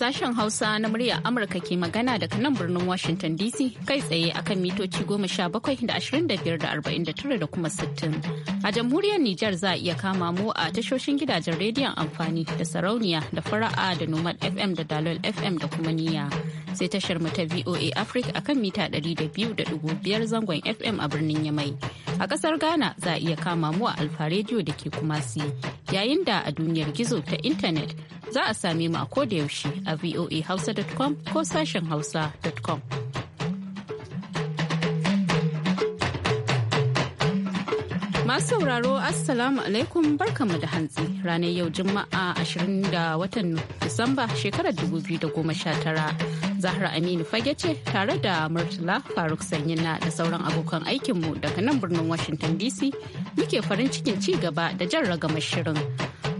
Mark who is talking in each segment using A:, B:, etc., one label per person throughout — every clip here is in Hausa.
A: sashen Hausa na murya Amurka ke magana daga nan birnin Washington DC kai tsaye akan mitoci goma sha da ashirin da biyar da kuma sittin. A jamhuriyar Nijar za a iya kama mu a tashoshin gidajen rediyon amfani da sarauniya da fara'a da nomad FM da dalol FM da kuma niya. Sai tashar mu ta VOA Africa akan mita ɗari da biyu da zangon FM a birnin Yamai. A kasar Ghana za a iya kama mu a Alfa Radio da ke Kumasi. Yayin da a duniyar gizo ta intanet za a same mu a yaushe a voahausa.com ko sashen hausa.com. Masu sauraro Assalamu alaikum barkamu da hantsi ranar yau Juma'a 20 da watan Disamba shekarar 2019. Zahra Aminu fage ce tare da Murtala Faruk Sanyina da sauran abokan aikinmu daga nan birnin Washington DC muke farin cikin ci gaba da jan ragamar shirin.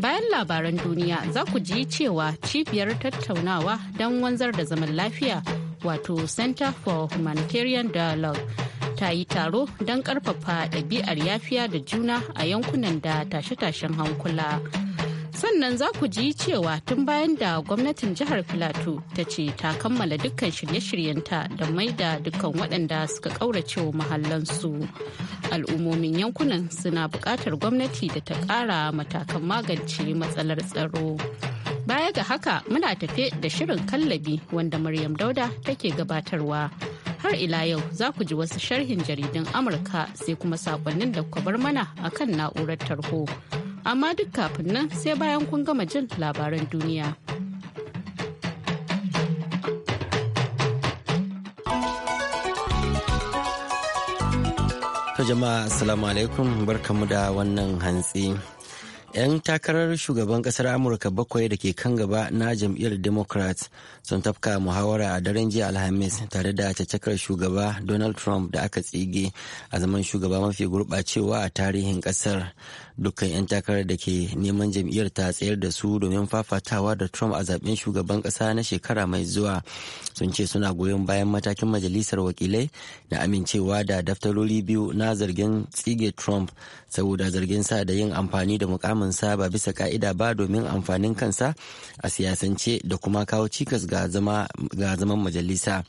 A: Bayan labaran duniya za ku ji cewa cibiyar tattaunawa don wanzar da zaman lafiya wato Center for Humanitarian Dialogue ta yi taro don karfafa ɗabi'ar yafiya da juna a yankunan da tashe-tashen hankula. sannan za ku ji cewa tun bayan da gwamnatin jihar filato ta ce ta kammala dukkan shirye-shiryenta da maida dukkan waɗanda suka ƙaurace wa mahallansu al'ummomin yankunan suna buƙatar gwamnati da ta ƙara matakan magance matsalar tsaro baya ga haka muna tafe da shirin kallabi wanda maryam dauda take gabatarwa har ila yau za ku ji wasu sharhin jaridun amurka sai kuma sakonnin da kuka bar mana akan na'urar tarho amma duk kafin nan sai bayan kun gama jin labaran duniya.
B: ta jama'a assalamu alaikum barkamu da wannan hantsi. 'yan takarar shugaban kasar amurka bakwai da ke kan gaba na jam'iyyar democrats sun tafka muhawara a daren jiya alhamis tare da cakar shugaba donald trump da aka tsige a zaman shugaba mafi gurɓacewa a tarihin kasar dukkan 'yan takarar da ke neman jam'iyyar ta tsayar da su domin fafatawa da trump a zaben shugaban kasa na shekara mai zuwa sun ce suna goyon bayan matakin majalisar wakilai na amincewa da daftarori biyu na zargin tsige trump saboda zargin sa da yin amfani da mukamin samun saba bisa ka'ida ba domin amfanin kansa a siyasance da kuma kawo cikas ga zaman majalisa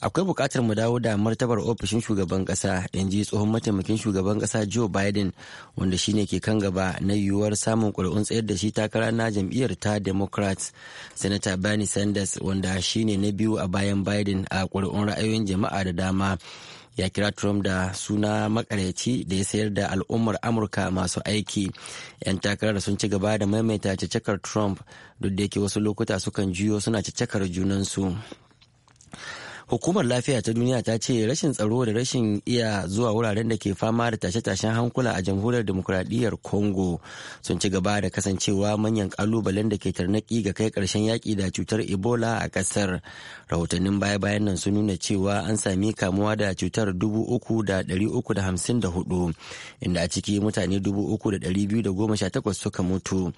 B: akwai bukatar mu dawo da martabar ofishin shugaban kasa in ji tsohon mataimakin shugaban kasa joe biden wanda shine ke kan gaba na yiwuwar samun kuri'un tsayar da shi takara na jam'iyyar ta democrats senator bernie sanders wanda shine na biyu a bayan biden a kuri'un ra'ayoyin jama'a da dama ya kira Trump da suna makaryaci da ya sayar da al'ummar Amurka masu aiki. 'Yan takarar sun ci gaba da maimaita cacakar Trump duk da yake wasu lokuta sukan juyo suna cacakar junansu. hukumar lafiya ta duniya ta ce rashin tsaro da rashin iya zuwa wuraren da ke fama da tashe-tashen hankula a jamhuriyar demokuraɗiyyar congo sun ci gaba da kasancewa manyan kalubalen da ke tarnaki ga kai ƙarshen yaƙi da cutar ebola a ƙasar rahotannin baya-bayan nan sun nuna cewa an sami kamuwa da cutar hudu inda a ciki mutane da goma sha takwas suka mutu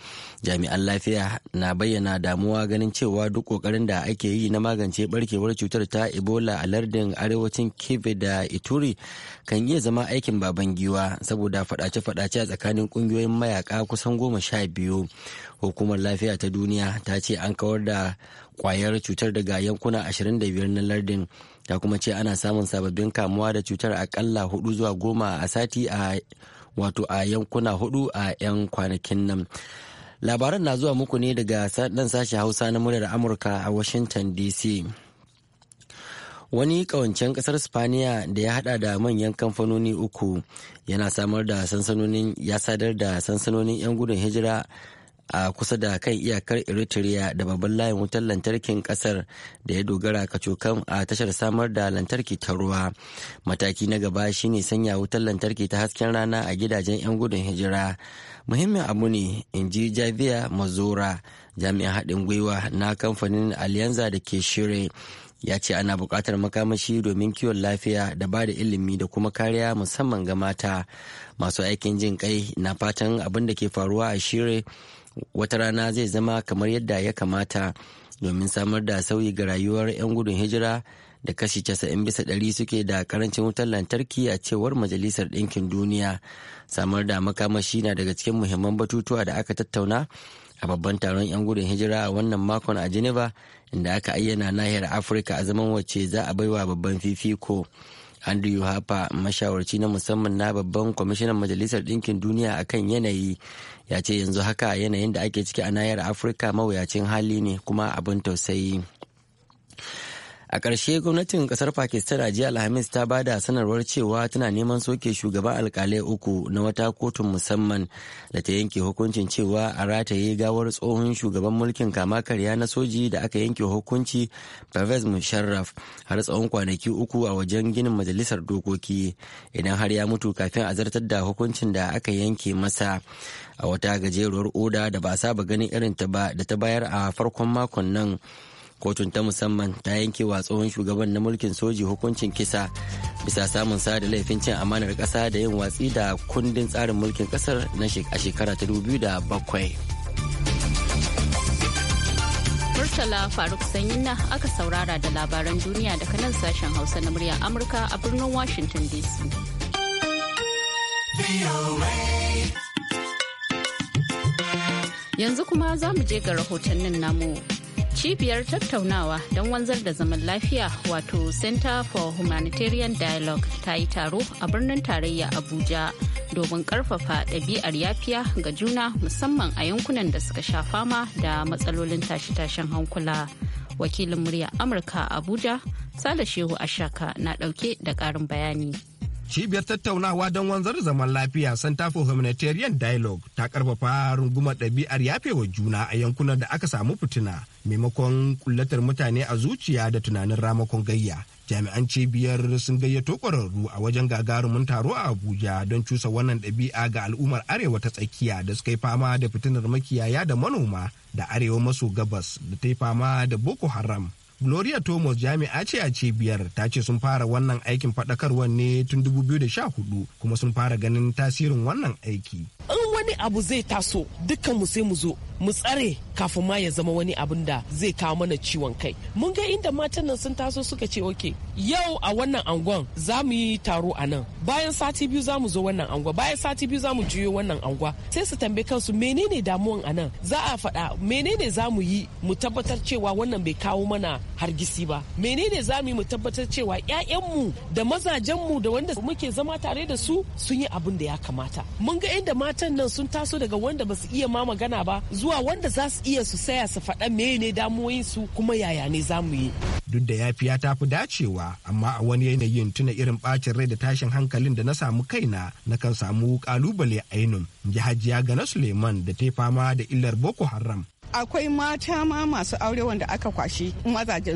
B: jami'an lafiya na bayyana damuwa ganin cewa duk ƙoƙarin da ake yi na magance barkewar cutar ta ebola a lardin arewacin kebe da ituri kan iya zama aikin baban giwa saboda fadace-fadace a tsakanin kungiyoyin mayaka kusan goma sha biyu hukumar lafiya ta duniya ta ce an kawar da kwayar cutar daga yankuna 25 na lardin ta kuma ce ana samun sababbin kamuwa da cutar akalla hudu zuwa goma a sati a wato a yankuna hudu a 'yan kwanakin nan labaran na zuwa muku ne daga nan sashen hausa na muryar amurka a washington dc wani kawancen kasar spaniya da ya hada da manyan kamfanoni uku yana samar da sansanonin ya sadar da sansanonin 'yan gudun hijira a kusa da kan iyakar eritrea da babban layin wutar lantarkin kasar da ya dogara kacokan a tashar samar da lantarki ta ruwa mataki na gaba shine sanya wutar lantarki ta hasken rana a gidajen 'yan gudun hijira muhimmin abu ne in ji javier mazora jami'an haɗin gwiwa na kamfanin alianza da ke shirin ya ce ana buƙatar makamashi domin kiwon lafiya da ba da ilimi da kuma kariya musamman ga mata masu aikin jin kai na fatan abin da ke faruwa a shire wata rana zai zama kamar yadda ya kamata domin samar da sauyi ga rayuwar 'yan gudun hijira da kashi casa'in bisa ɗari suke da karancin wutar lantarki a cewar majalisar ɗinkin duniya samar da makamashi na daga cikin muhimman batutuwa da aka tattauna a babban taron 'yan gudun hijira a wannan makon a geneva inda aka ayyana nahiyar afirka a zaman wacce za a baiwa babban fifiko andrew hapa mashawarci na musamman na babban kwamishinan majalisar ɗinkin duniya akan yanayi ya ce yanzu haka yanayin da ake ciki a nahiyar afirka mawuyacin hali ne kuma abin tausayi a ƙarshe gwamnatin ƙasar pakistan a jiya alhamis ta bada sanarwar cewa tana neman soke shugaban alkalai uku na wata kotun musamman da ta yanke hukuncin cewa a rataye gawar tsohon shugaban mulkin kama karya na soji da aka yanke hukunci pervez musharraf har tsawon kwanaki uku a wajen ginin majalisar dokoki idan har ya mutu kafin a zartar da hukuncin da aka yanke masa a wata gajeruwar oda da ba saba ganin irin ta ba da ta bayar a farkon makon nan kotun ta musamman ta yanke wa tsohon shugaban na mulkin soji hukuncin kisa bisa samun sa da laifin cin amanar kasa da yin watsi da kundin tsarin mulkin kasar na a shekara ta da bakwai.
A: Murtala Faruk Sanyina aka saurara da labaran duniya daga nan sashen Hausa na murya Amurka a birnin Washington DC. Yanzu kuma za mu je ga rahotannin namu. cibiyar tattaunawa don wanzar da zaman lafiya wato center for humanitarian dialogue ta yi taro a birnin tarayya abuja domin karfafa ɗabi'ar yafiya ga juna musamman a yankunan da suka sha fama da matsalolin tashe-tashen hankula wakilin murya amurka abuja sale shehu ashaka na ɗauke da ƙarin bayani
C: cibiyar tattaunawa don wanzar zaman lafiya Center for Humanitarian Dialogue ta karfafa rungumar ɗabi'ar yafewa juna a yankunan da aka samu fitina maimakon kullatar mutane a zuciya da tunanin ramakon gayya jami'an cibiyar sun gayyato ƙwararru a wajen gagarumin taro a abuja don cusa wannan ɗabi'a ga al'ummar arewa ta tsakiya da suka yi fama da fitinar makiyaya da manoma da arewa maso gabas da ta yi fama da boko haram gloria thomas jami'a ce a cibiyar ta ce sun fara wannan aikin faɗakarwar ne tun 2014 kuma sun fara ganin tasirin wannan aiki
D: in wani abu zai taso dukkan mu sai mu zo mu tsare kafin ma ya zama wani abin da zai kawo mana ciwon
E: kai mun ga inda matan nan sun taso suka ce oke yau a wannan angon za mu yi taro a nan bayan sati biyu za mu zo wannan angon bayan sati biyu za mu juyo wannan angon sai su tambaye kansu menene damuwan a nan za a faɗa menene za mu yi mu tabbatar cewa wannan bai kawo mana hargisi ba menene za mu yi mu tabbatar cewa ƴaƴanmu da mazajenmu da wanda muke zama tare da su sun yi abin da ya kamata mun ga inda matan nan sun taso daga wanda ba su iya ma magana ba zuwa zuwa wanda za su iya su saya su faɗa mene damuwoyin su kuma yaya
C: ne za mu yi duk da yafiya ta fi dacewa amma a wani yanayin tuna irin bacin rai da tashin hankalin da na samu kaina na kan samu kalubale ainun ji ga na suleiman da ta fama da illar boko haram
E: akwai mata ma masu aure wanda aka kwashi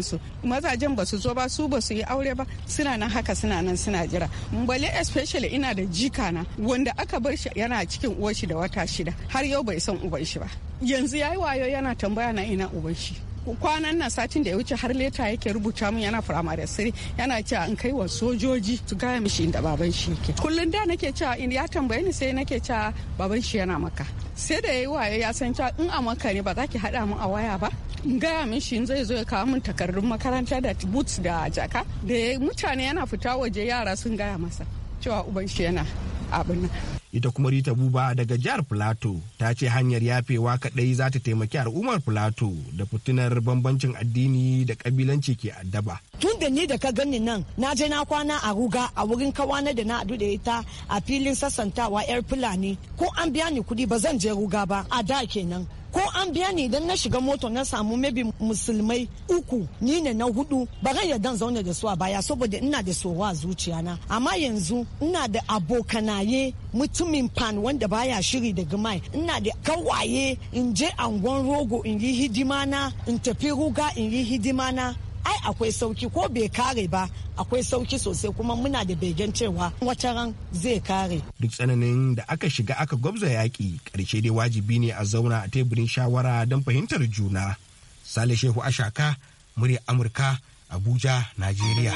E: su mazajen ba su zo ba su ba su yi aure ba suna nan haka suna nan suna jira bale especially ina da jika na wanda aka bar shi yana cikin uwar shi da wata shida har yau bai san uban shi ba yanzu yayi wayo yana tambaya na ina uban shi kwanan nan satin da ya wuce har leta yake rubuta mun yana firamare Sai yana cewa in kai wa sojoji su gaya mishi inda baban shi yake kullum da nake cewa in ya tambaye ni sai nake cewa baban shi yana maka sai da yayi waye ya san cewa in a maka ne ba za ki hada mu a waya ba in gaya min shi zai zo ya kawo min takardun makaranta da boots da jaka da mutane yana fita waje yara sun gaya masa cewa uban shi yana
C: abin nan ita kuma rita buba daga jihar filato ta ce hanyar yafewa kaɗai za ta taimaki al'ummar filato da fitinar bambancin addini da kabilanci ke addaba
F: tun da ni da ka gani nan na je na kwana a ruga a wurin kawana da na adu da ita a filin sassantawa yar fulani ko an biya ni kuɗi ba zan je ruga ba a da kenan ko an biya ni idan na shiga moto na samu mabi musulmai uku ni ne na hudu ba zan yarda zaune da su a baya saboda ina da sowa zuciya na amma yanzu ina da abokanaye mutumin pan wanda baya shiri da gimai ina da kawaye in je angon rogo in yi hidima na in tafi ruga in yi hidima na ai akwai sauki ko bai kare ba akwai sauki sosai kuma muna da begen cewa wata ran zai kare
C: duk tsananin da aka shiga aka gwabza yaƙi ƙarshe dai wajibi ne a zauna a teburin shawara don fahimtar juna sale shehu ashaka murya amurka abuja najeriya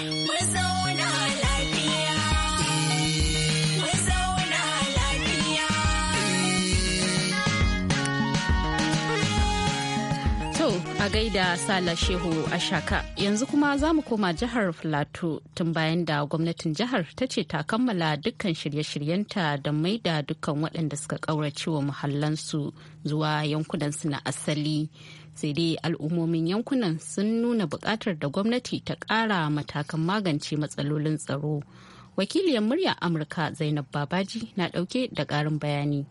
A: A gaida Sala Shehu a shaka yanzu kuma za mu koma jihar Filato tun bayan da gwamnatin jihar ta ce ta kammala dukkan shirye-shiryenta da maida dukkan waɗanda suka ƙaurace wa muhallansu zuwa yankunansu na asali. Sai dai al'ummomin yankunan sun nuna buƙatar da gwamnati ta ƙara matakan magance matsalolin tsaro. Wakiliyar muryar Amurka Zainab Babaji na ɗauke da ƙarin bayani.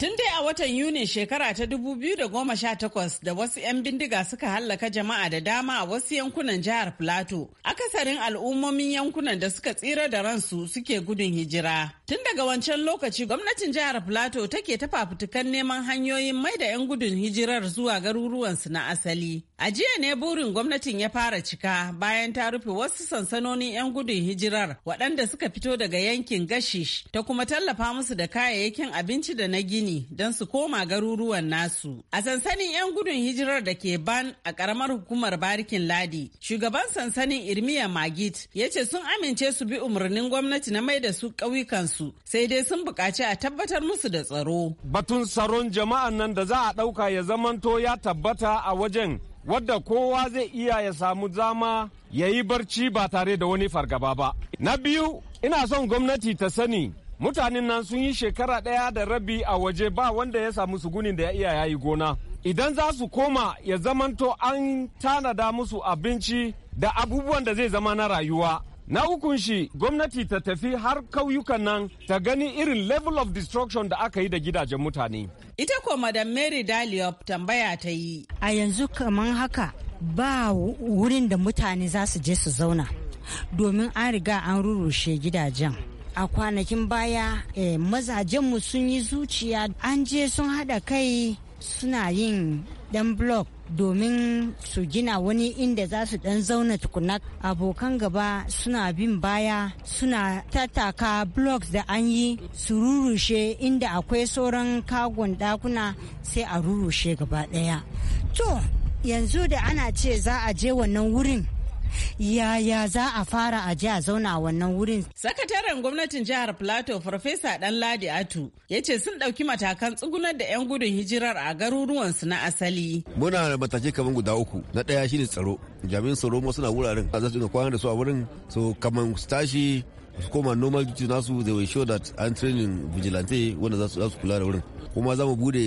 E: Tun dai a watan Yuni shekara ta 2018 da wasu 'yan bindiga suka hallaka jama'a da dama a wasu yankunan jihar Plateau. Akasarin al'ummomin yankunan da suka tsira da ransu suke gudun hijira. Tun daga wancan lokaci gwamnatin jihar Plateau take ta fafutukan neman hanyoyin mai da 'yan gudun hijirar zuwa garuruwansu na asali. A jiya ne burin gwamnatin ya fara cika bayan ta rufe wasu sansanonin 'yan gudun hijirar waɗanda suka fito daga yankin Gashish ta kuma tallafa musu da kayayyakin abinci da na gini. gini don su koma garuruwan nasu. A sansanin 'yan gudun hijirar da ke ban a karamar hukumar barikin ladi, shugaban sansanin Irmiya Magid ya ce sun amince su bi umarnin gwamnati na mai da su ƙauyukansu sai dai sun buƙaci a tabbatar musu da tsaro. Batun tsaron
D: jama'an nan da za a ɗauka ya zamanto ya tabbata a wajen wadda kowa zai iya ya samu zama ya yi barci ba tare da wani fargaba ba. Na biyu, ina son gwamnati ta sani mutanen nan sun yi shekara ɗaya da rabi a waje ba wanda ya samu sugunin da ya iya yayi gona idan za su koma ya zamanto an tanada musu abinci da abubuwan da zai zama na rayuwa na hukun shi gwamnati ta tafi har kauyukan nan ta gani irin level of destruction da aka yi da gidajen mutane
E: ita ko madam mary daliop tambaya ta yi a yanzu kamar haka ba wurin da mutane za su je su zauna domin an riga an rurushe gidajen a kwanakin baya eh, mazajenmu sun yi zuciya an je sun haɗa kai suna yin dan blog domin su gina wani inda za su dan zauna tukuna abokan gaba suna bin baya suna tattaka blogs da an yi su rurushe inda akwai sauran kagon dakuna
F: sai a rurushe gaba daya to yanzu da ana ce za a je wannan wurin yaya za a fara a ji a zauna a wannan wurin.
E: Sakataren gwamnatin jihar Plateau Farfesa dan ladi Atu ya ce sun ɗauki matakan tsugunar da 'yan gudun hijirar a garuruwansu na asali.
C: Muna da matakai kamar guda uku. Na ɗaya shine tsaro. Jami'in tsaro ma suna wuraren a su kwana da su a wurin so kamar su tashi su koma normal duty nasu they will show that an training vigilante wanda za su kula da wurin kuma za mu bude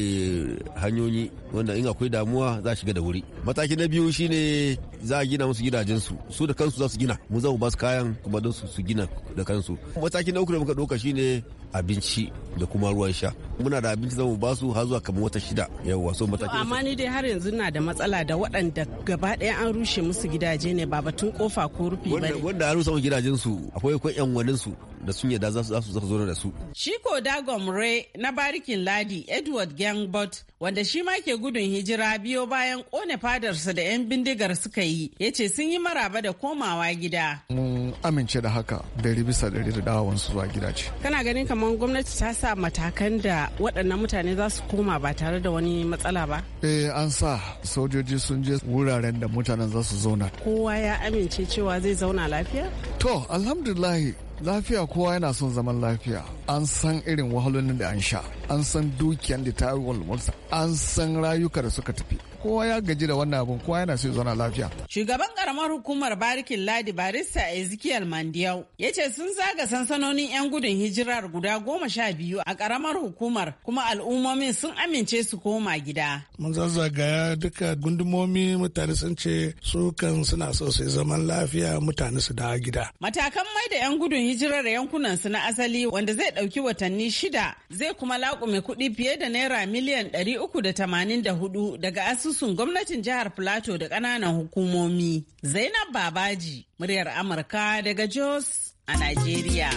C: hanyoyi wanda in akwai damuwa za shiga da wuri mataki na biyu shine za a gina musu gidajensu su da kansu za su gina mu za mu ba su kayan kuma don su gina da kansu mataki na uku da muka ɗauka shine abinci da kuma ruwan sha muna da abinci zamu ba su har zuwa kamar wata shida yau so mataki
E: amma ni dai har yanzu na da matsala da waɗanda gaba ɗaya an rushe musu gidaje ne ba batun kofa ko rufi ba
C: wanda an rusa gidajen su akwai kwan yan wanin su da sun yada za su zo da su.
E: Shi ko Dagom Ray na barikin Ladi Edward Gangbot wanda shi ma ke gudun hijira biyo bayan kone fadarsa da 'yan bindigar suka yi ya ce sun yi maraba da komawa gida.
D: Mun amince da haka dari bisa dari da dawon su zuwa gida ce.
E: Kana ganin kamar gwamnati ta sa matakan da waɗannan mutane za su koma ba tare da wani matsala ba?
D: Eh an sa sojoji sun je wuraren da mutanen za su zauna.
E: Kowa ya amince cewa zai zauna lafiya? To alhamdulahi lafiya
D: kowa yana son zaman lafiya an san irin wahalolin da an sha an san dukiyan da ta yi an san rayuka da suka tafi kowa ya gaji da wannan abun kowa yana sai zana lafiya
E: shugaban karamar hukumar barikin ladi barista ezekiel mandiyau ya ce sun zaga sansanonin yan gudun hijirar guda goma sha biyu a karamar hukumar kuma al'ummomin sun amince su koma gida
C: mun zazzagaya duka gundumomi mutane sun ce su kan suna so su zaman lafiya mutane su dawo gida
E: matakan mai da yan gudun hijirar yankunan su na asali wanda zai dauki watanni shida zai kuma laƙume kuɗi fiye da naira miliyan ɗari uku da da tamanin hudu daga asusun asusun gwamnatin jihar Plateau da ƙananan hukumomi. Zainab Babaji, muryar Amurka daga Jos a Najeriya.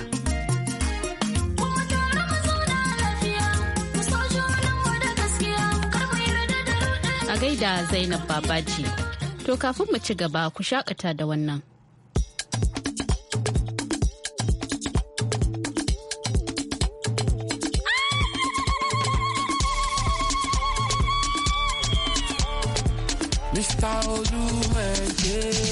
A: a gaida Zainab Babaji. To kafin mu ci gaba ku shakata da wannan.
D: Está o duende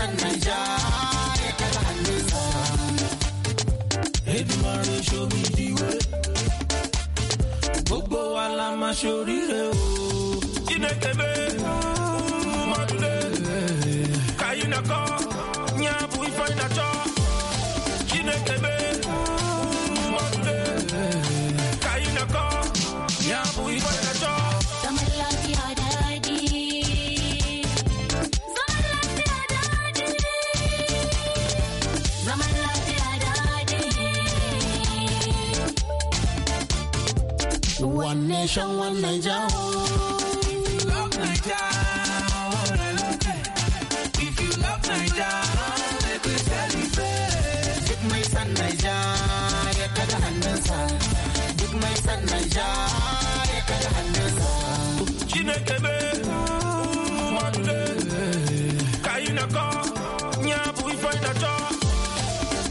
G: ƙasar Nanja ya kada hannunsa. Edumare ṣomi diwe, gbogbo wa la ma ṣoríire o. Chinekebe, Mọ̀dúlé, Kayinakọ, Nyabu Ifeanyi Nachọ, Chinekebe. nation wannan Duk mai san Naija ya kada hannunsa, duk mai san Naija ya kada hannunsa. Chineke be, mande, ka na kọ, nya bụ ife ịdajọ.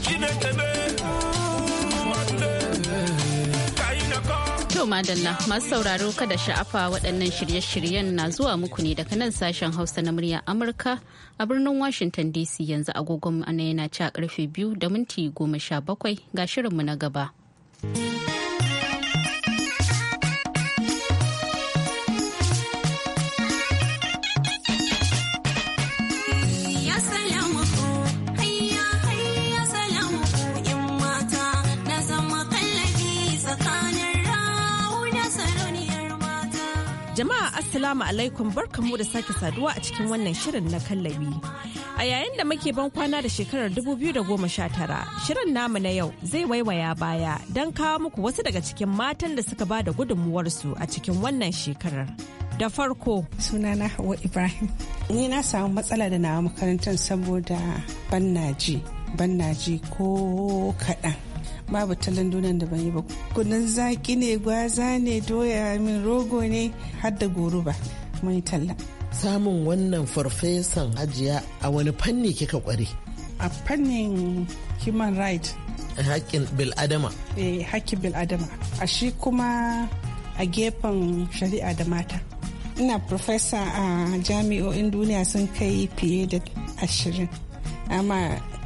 G: Chineke be,
A: yau madalla masu sauraro kada sha'afa waɗannan shirye-shiryen na zuwa muku ne daga nan sashen Hausa na murya Amurka a birnin Washington DC yanzu agogon ana yana ci karfe biyu da minti goma sha bakwai ga shirinmu na gaba.
F: Jama'a Assalamu alaikum barkanmu da sake saduwa a cikin wannan shirin na kallabi. A yayin da muke ban kwana da shekarar 2019, shirin namu na yau zai waiwaya baya don kawo muku wasu daga cikin matan da suka ba da gudunmuwarsu a cikin wannan shekarar. da farko. Sunana Hawa Ibrahim. Ni na samu
E: matsala da na makarantar saboda ban naji, ban naji ko kaɗan. babu talan donan da ban yi ba kunun zaki ne gwaza ne doya min rogo ne har da goro goruba mai talla samun wannan farfesan hajiya a wani fanni kika kware a fannin human right hakkin bil'adama eh hakkin bil'adama a shi kuma a gefen shari'a da mata ina profesa a jami'o'in duniya sun kai fiye da ashirin amma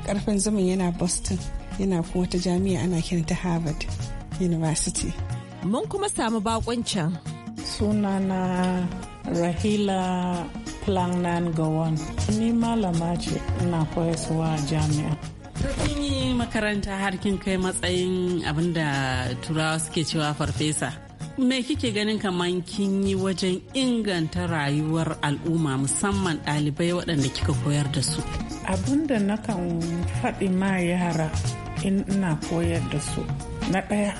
E: karfin zumun yana boston yana kuma
F: wata jami'a ana ta harvard university mun kuma samu bakuncin
E: sunana rahila planan gawon ni malama ce ina koyaswa jami'a kin yi makaranta har kin kai matsayin abinda turawa suke cewa farfesa me kike ganin kamar kin yi wajen inganta rayuwar al'umma musamman ɗalibai waɗanda kika koyar da su abinda nakan faɗi ma yara in ina koyar da su na ɗaya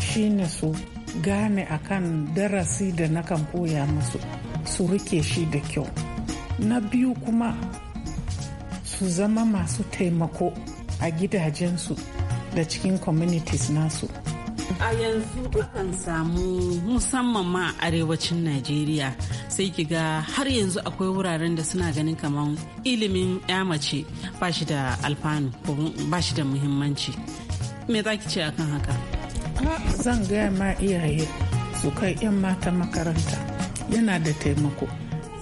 E: shine su gane akan darasi da nakan koya musu su rike shi da kyau na biyu kuma
D: su zama masu taimako a gidajensu
E: da cikin communities nasu a yanzu akan samu musamman ma a arewacin najeriya sai ki ga har yanzu akwai wuraren da suna ganin kamar ilimin ya mace ba shi da alfanu ba shi da muhimmanci me za ki ce akan haka zan gaya ma iyaye su kai 'yan mata makaranta yana da taimako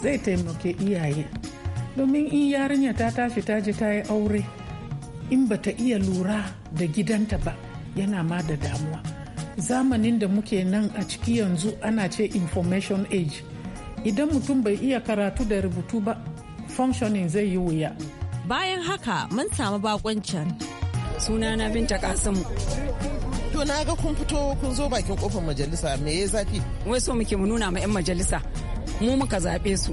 E: zai taimake iyaye domin in yarinya ta tashi ta je ta yi aure in bata iya lura da gidanta ba yana ma da damuwa zamanin da muke nan a ciki yanzu ana ce information age idan mutum bai iya karatu da rubutu ba functioning zai yi wuya
F: bayan haka mun samu bakoncin na binta kasimu
E: to na ga kun fito kun zo bakin kofar majalisa me ya zafi wai so muke mu nuna ma 'yan majalisa mu muka zaɓe su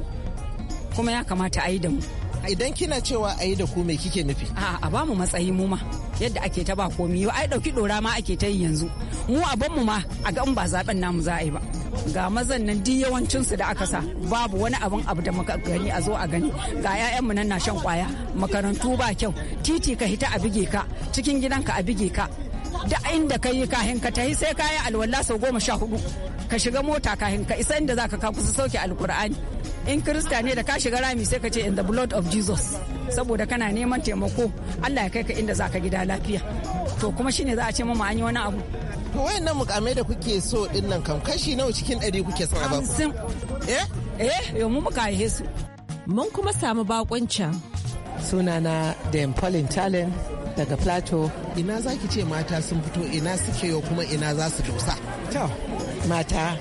E: kuma ya kamata a yi da mu idan kina cewa a yi da ku me kike nufi a bamu matsayi mu ma yadda ake ta ba komi yau ai dauki dora ma ake ta yi yanzu mu a mu ma a ga ba zaben namu za a yi ba ga mazan nan duk yawancin su da aka sa babu wani abin abu da muka gani a zo a gani ga ƴaƴan mu nan na shan kwaya makarantu ba kyau titi ka hita a bige ka cikin gidanka a bige ka da inda ka yi kahin ka tahi sai kayi alwala sau goma sha hudu ka shiga mota kahin ka isa inda za ka kusa sauke alkur'ani in krista ne da ka shiga rami sai ka ce in the blood of jesus saboda kana neman taimako allah ya kai ka inda za ka gida lafiya to kuma shine za a ce mama an yi wani abu to nan mukamai da kuke so din nan kam kashi nawa cikin ɗari kuke so
F: a hamsin eh eh yo mu muka yi su mun kuma samu bakuncin
D: sunana dem Pauline talent daga Plateau. Ina zaki ce mata sun fito ina suke yau kuma ina za su dosa. To, mata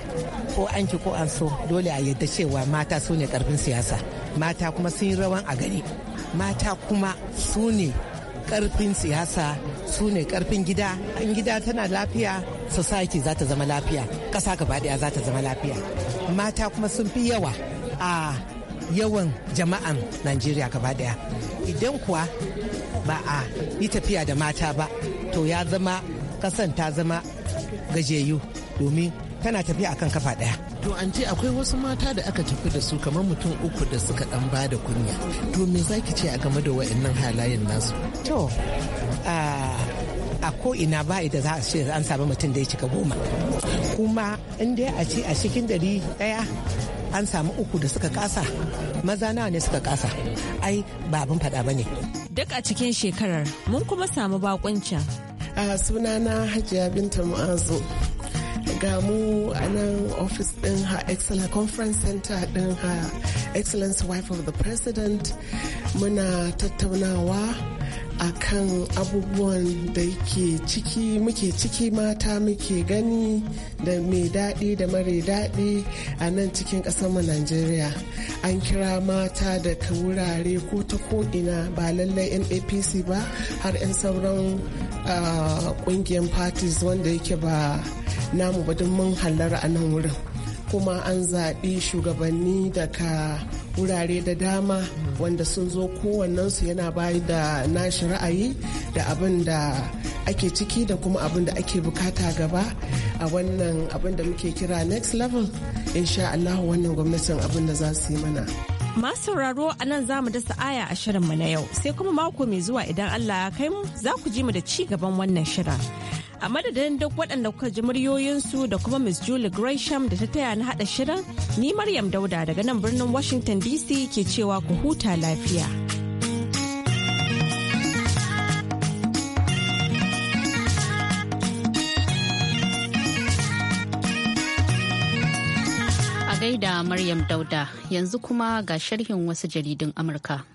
D: ko an ki ko an so dole a yadda cewa mata su ne karfin siyasa mata kuma sun yi rawan a gari mata kuma su ne karfin siyasa su ne karfin gida an gida tana lafiya society za ta zama lafiya ƙasa gaba daya za ta zama lafiya mata kuma sun fi yawa a yawan jama'an najeriya gaba daya idan kuwa ba a yi tafiya da mata ba to ya zama kasan ta zama gajeyu domin kana tafiya kan kafa ɗaya. to an ce akwai wasu mata da aka tafi da su kamar mutum uku da suka ɗan ba da kunya to me ki ce a game da wayannan halayen nasu to a ko ina ba da za a ce an samu mutum da ya cika goma kuma in dai a ce a cikin dari ɗaya an samu uku da suka kasa maza nawa ne suka kasa ai ba abin faɗa ba ne
F: duk a cikin shekarar mun kuma samu bakuncin
D: a sunana hajiya binta
F: mu'azu ga mu a nan ofis
D: din ha excellence conference center din ha excellence wife of the president muna tattaunawa a kan abubuwan da ke ciki muke ciki mata muke gani da mai daɗi da mare daɗi a nan cikin mu Najeriya. An kira mata daga wurare ko ta ko'ina ba lallai NAPC ba har 'yan sauran ah, ƙungiyar parties wanda yake ba namu batun mun hallara a nan wurin kuma an zaɓi shugabanni daga wurare da dama wanda sun zo kowannensu yana bayi da nashi ra'ayi da abin da ake ciki da kuma abin da ake bukata gaba a wannan abin da muke kira next level insha Allah wannan gwamnatin abin da za su yi mana.
F: Masu sauraro a nan za mu dasa aya a shirin mu na yau sai kuma mako mai zuwa idan Allah ya kai mu za ku ji mu da ci gaban wannan shirin. a madadin duk waɗanda kuka ji muryoyinsu da kuma Miss Julie Gresham da ta taya na haɗa shirin, ni Maryam Dauda daga nan birnin Washington DC ke cewa ku huta lafiya.
A: gaida Maryam Dauda yanzu kuma ga sharhin wasu jaridun Amurka.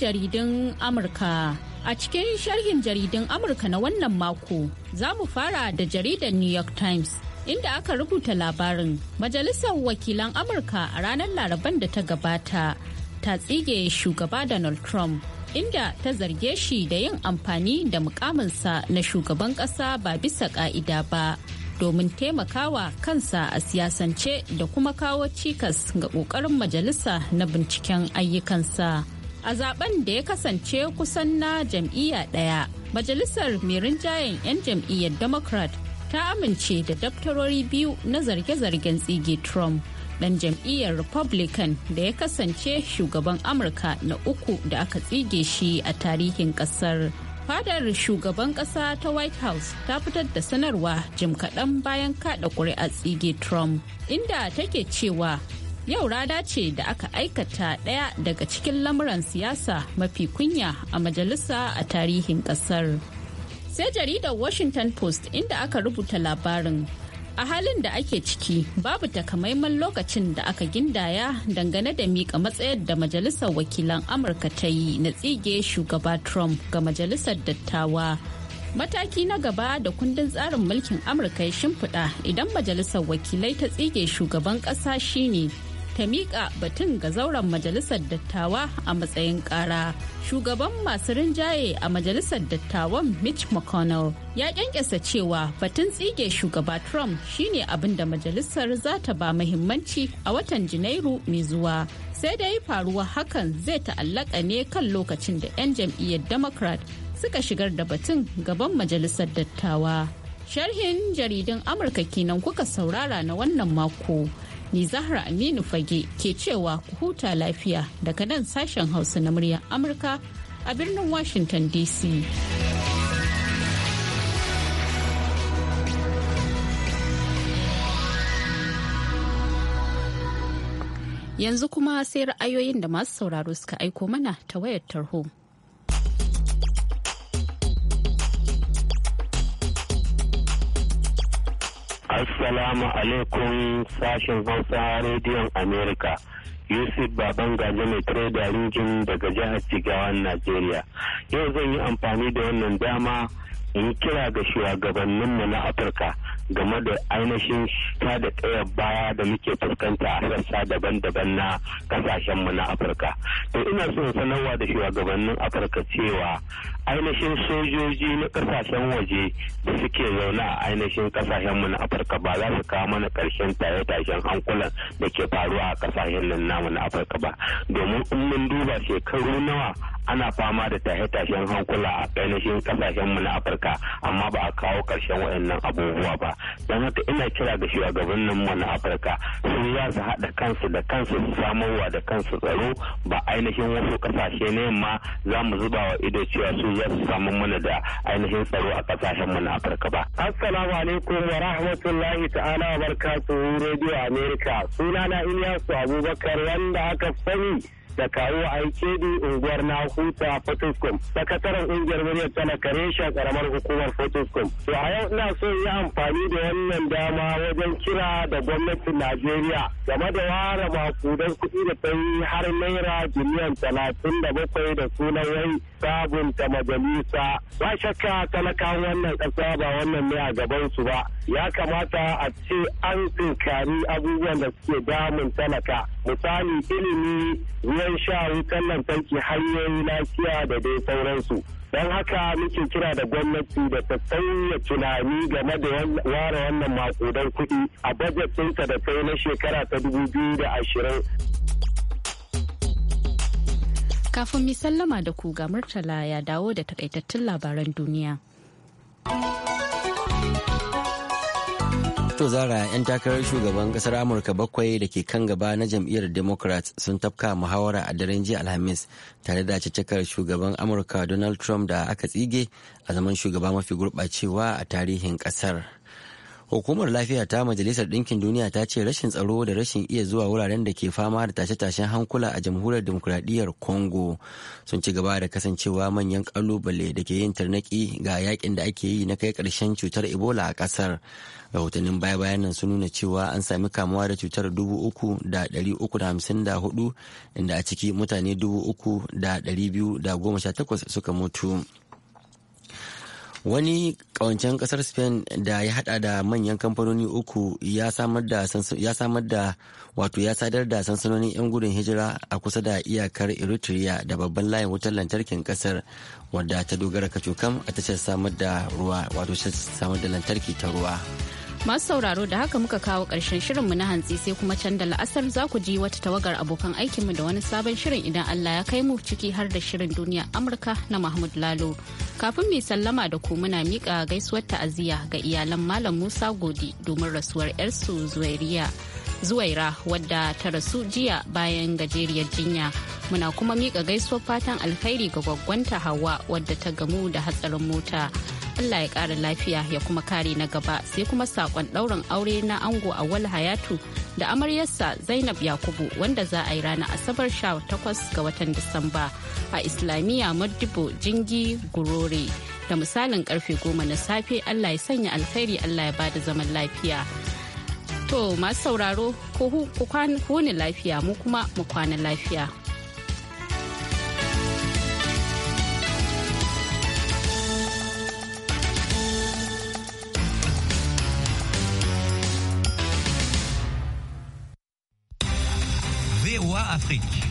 A: jaridun Amurka. A cikin sharhin jaridun Amurka na wannan mako, za mu fara da jaridar New York Times. Inda aka rubuta labarin Majalisar Wakilan Amurka a ranar Laraban da ta gabata ta tsige shugaba Donald Trump inda ta zarge shi da yin amfani da mukaminsa na shugaban ƙasa ba bisa ƙa'ida ba domin taimakawa kansa a siyasance da kuma kawo cikas ga ƙoƙarin majalisa na binciken ayyukansa. a zaben da ya kasance kusan na jam'iyya ɗaya majalisar mai 'yan jam'iyyar democrat ta amince da daftarori biyu na zarge-zargen tsige trump dan jam'iyyar republican da ya kasance shugaban amurka na uku da aka tsige shi a tarihin kasar fadar shugaban kasa ta white house ta fitar da sanarwa jim kaɗan bayan kaɗa ƙuri'ar tsige trump inda take cewa yau rada ce da aka aikata ɗaya daga cikin lamuran siyasa mafi kunya a majalisa a tarihin ƙasar. Sai jaridar Washington Post inda aka rubuta labarin. A halin da ake ciki babu takamaiman lokacin da aka gindaya dangane da miƙa matsayar da Majalisar Wakilan Amurka ta yi na tsige shugaba Trump ga Majalisar Dattawa. mataki na gaba da kundin tsarin mulkin amurka ya shimfiɗa idan majalisar wakilai ta tsige shugaban ƙasa shine ta miƙa batun ga zauren majalisar dattawa a matsayin ƙara. Shugaban masu rinjaye a majalisar dattawan Mitch McConnell ya kyankyasa cewa batun tsige shugaba Trump shine abin da majalisar za ta ba muhimmanci a watan Janairu mai zuwa. Sai dai faruwa hakan zai ta'allaka ne kan lokacin da 'yan jam'iyyar Democrat suka shigar da batun gaban majalisar dattawa. Sharhin jaridun Amurka kenan kuka saurara na wannan mako. Ni Zahra Aminu Fage ke cewa ku huta lafiya daga nan sashen Hausa na muryar Amurka a birnin Washington DC. Yanzu kuma sai ra'ayoyin da masu sauraro suka aiko mana ta wayar tarho.
G: Assalamu alaikum sashen Hausa rediyon Amerika. Yusuf Baban Gaje mai tireda Rijin daga jihar Jigawan Najeriya. Yau zan yi amfani da wannan dama in kira ga shugabanninmu na Afirka game da ainihin ta da ɗaya baya da muke fuskanta a sassa daban-daban na kasashenmu na Afirka. To ina so sanarwa da shugabannin Afirka cewa ainihin sojoji na kasashen waje da suke zaune a ainihin mu na afirka ba za su kawo mana karshen tare tashen hankulan da ke faruwa a kasashen nan namu na afirka ba domin in mun duba shekaru nawa ana fama da tashe-tashen hankula a ainihin kasashenmu na afirka amma ba a kawo karshen waɗannan abubuwa ba don haka ina kira ga nan mu na afirka su za su haɗa kansu da kansu su samarwa da kansu tsaro ba ainihin wasu kasashe ne ma za mu zuba wa ido cewa su ya samu mana da ainihin tsaro a kasashen mu na Afirka ba.
H: Assalamu alaikum wa rahmatullahi ta'ala wa barakatuhu Radio America. Sunana Ilyasu Abubakar wanda aka sani da kawo aikedi unguwar na huta photoscom sakataren ungiyar muryar shi reshen karamar hukumar photoscom to a yau ina so yi amfani da wannan dama wajen kira da gwamnatin najeriya game da ware makudan kuɗi da ta yi har naira miliyan talatin da bakwai da sunan wai sabunta majalisa ba shakka talakawan wannan ƙasa ba wannan ne a gabansu ba ya kamata a ce an tsinkari abubuwan da suke damun talaka misali ilimi ruwan sha wutan lantarki hanyoyi lafiya da dai sauransu don haka muke kira da gwamnati da ta sauya tunani game da ware wannan makudan kuɗi a bajet da kai na shekara ta dubu biyu da ashirin.
A: kafin mi sallama da ku ga murtala ya dawo da takaitattun labaran duniya.
B: To zara 'yan takarar shugaban kasar Amurka bakwai da ke kan gaba na jam'iyyar Democrats sun tafka muhawara a daren jiya Alhamis tare da cikakkar shugaban Amurka Donald Trump da aka tsige a zaman shugaba mafi gurɓacewa a tarihin kasar. hukumar lafiya ta majalisar ɗinkin duniya ta ce rashin tsaro da rashin iya zuwa wuraren da ke fama da tashe-tashen hankula a jamhuriyar demokuraɗiyyar congo sun ci gaba da kasancewa manyan ƙalubale da ke yin tarnaki ga yakin da ake yi na kai ƙarshen cutar ebola a ƙasar rahotannin baya-bayan nan sun nuna cewa an sami kamuwa da cutar dubu uku da ɗari uku da hamsin da hudu inda a ciki mutane dubu uku da ɗari biyu da goma sha takwas suka mutu. wani kawancen kasar spain da ya hada da manyan kamfanoni uku ya samar da wato ya sadar da sansanonin 'yan gudun hijira a kusa da iyakar eritrea da babban layin wutar lantarkin kasar wadda ta dogara kacokam a tashar samar da ruwa wato samar da lantarki ta ruwa
A: Masu sauraro da haka muka kawo ƙarshen shirinmu na hantsi sai kuma can da la'asar za ku ji wata tawagar abokan aikinmu da wani sabon shirin idan Allah ya kai mu ciki har da shirin duniya Amurka na Mahmud Lalo. Kafin mai sallama da ku muna miƙa gaisuwar ta'aziyya ga iyalan Malam Musa Godi domin rasuwar 'yarsu Zuwairiya. Zuwaira wadda ta rasu jiya bayan gajeriyar jinya. Muna kuma miƙa gaisuwar fatan alkhairi ga gwaggwanta Hawa wadda ta gamu da hatsarin mota. Allah ya ƙara lafiya ya kuma kare na gaba sai kuma sakon ɗaurin aure na ango a hayatu da amaryarsa Zainab Yakubu wanda za a yi ranar Asabar sha takwas ga watan Disamba a Islamiyya Modibo Jingi Gurore da misalin karfe goma na safe Allah ya sanya alkhairi Allah ya bada zaman lafiya. To masu sauraro ko kwana lafiya mu kuma mu kwana lafiya.
G: Afrique. Le